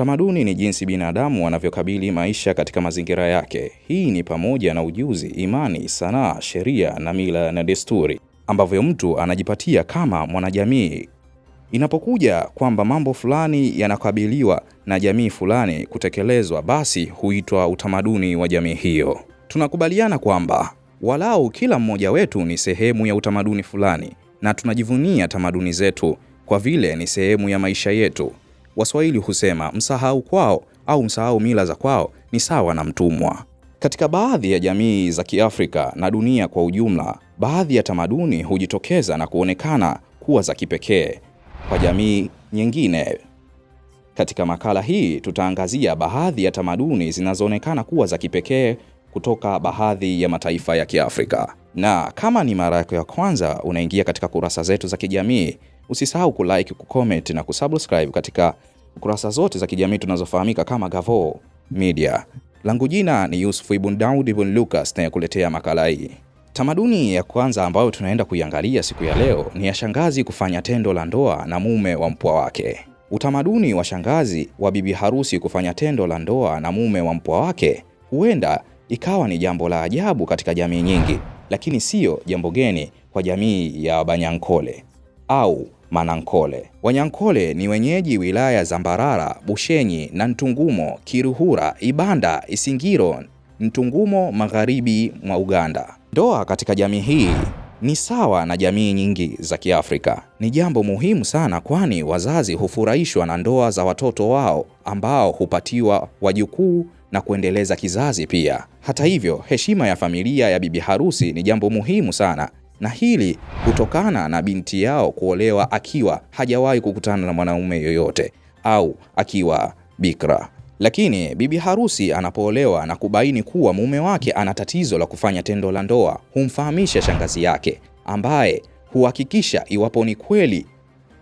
Utamaduni ni jinsi binadamu wanavyokabili maisha katika mazingira yake. Hii ni pamoja na ujuzi, imani, sanaa, sheria na mila na desturi ambavyo mtu anajipatia kama mwanajamii. Inapokuja kwamba mambo fulani yanakabiliwa na jamii fulani kutekelezwa, basi huitwa utamaduni wa jamii hiyo. Tunakubaliana kwamba walau kila mmoja wetu ni sehemu ya utamaduni fulani na tunajivunia tamaduni zetu kwa vile ni sehemu ya maisha yetu. Waswahili husema msahau kwao au msahau mila za kwao ni sawa na mtumwa. Katika baadhi ya jamii za Kiafrika na dunia kwa ujumla, baadhi ya tamaduni hujitokeza na kuonekana kuwa za kipekee kwa jamii nyingine. Katika makala hii tutaangazia baadhi ya tamaduni zinazoonekana kuwa za kipekee kutoka baadhi ya mataifa ya Kiafrika. Na kama ni mara yako ya kwanza unaingia katika kurasa zetu za kijamii, Usisahau kulike, kucomment na kusubscribe katika kurasa zote za kijamii tunazofahamika kama Gavo Media. Langu jina ni Yusuf Ibn Daud Ibn Lucas nayekuletea makala hii. Tamaduni ya kwanza ambayo tunaenda kuiangalia siku ya leo ni ya shangazi kufanya tendo la ndoa na mume wa mpwa wake. Utamaduni wa shangazi wa bibi harusi kufanya tendo la ndoa na mume wa mpwa wake huenda ikawa ni jambo la ajabu katika jamii nyingi, lakini siyo jambo geni kwa jamii ya Banyankole au Manankole. Wanyankole ni wenyeji wilaya za Zambarara, Bushenyi na Ntungumo, Kiruhura, Ibanda, Isingiro, Ntungumo magharibi mwa Uganda. Ndoa katika jamii hii ni sawa na jamii nyingi za Kiafrika. Ni jambo muhimu sana kwani wazazi hufurahishwa na ndoa za watoto wao ambao hupatiwa wajukuu na kuendeleza kizazi pia. Hata hivyo, heshima ya familia ya bibi harusi ni jambo muhimu sana na hili kutokana na binti yao kuolewa akiwa hajawahi kukutana na mwanaume yoyote au akiwa bikra. Lakini bibi harusi anapoolewa na kubaini kuwa mume wake ana tatizo la kufanya tendo la ndoa, humfahamisha shangazi yake ambaye huhakikisha iwapo ni kweli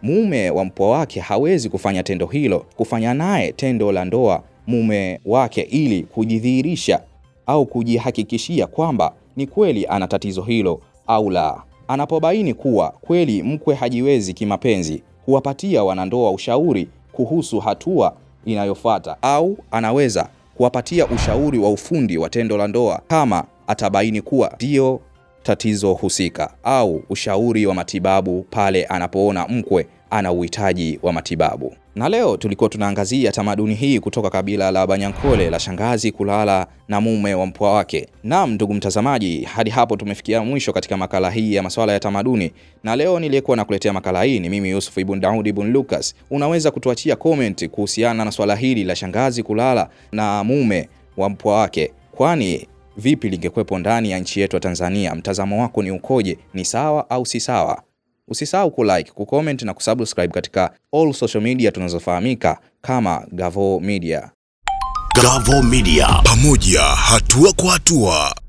mume wa mpwa wake hawezi kufanya tendo hilo, kufanya naye tendo la ndoa mume wake ili kujidhihirisha au kujihakikishia kwamba ni kweli ana tatizo hilo au la. Anapobaini kuwa kweli mkwe hajiwezi kimapenzi, huwapatia wanandoa ushauri kuhusu hatua inayofuata au anaweza kuwapatia ushauri wa ufundi wa tendo la ndoa kama atabaini kuwa ndio tatizo husika au ushauri wa matibabu pale anapoona mkwe ana uhitaji wa matibabu. Na leo tulikuwa tunaangazia tamaduni hii kutoka kabila la Banyankole la shangazi kulala na mume wa mpwa wake. Naam, ndugu mtazamaji, hadi hapo tumefikia mwisho katika makala hii ya masuala ya tamaduni, na leo niliyekuwa nakuletea makala hii ni mimi Yusuf Ibn Daud Ibn Lucas. Unaweza kutuachia comment kuhusiana na swala hili la shangazi kulala na mume wa mpwa wake, kwani vipi lingekuwepo ndani ya nchi yetu ya Tanzania? Mtazamo wako ni ukoje? Ni sawa au si sawa? Usisahau kulike, comment na kusubscribe katika all social media tunazofahamika kama Gavoo Media. Gavoo Media, pamoja hatua kwa hatua.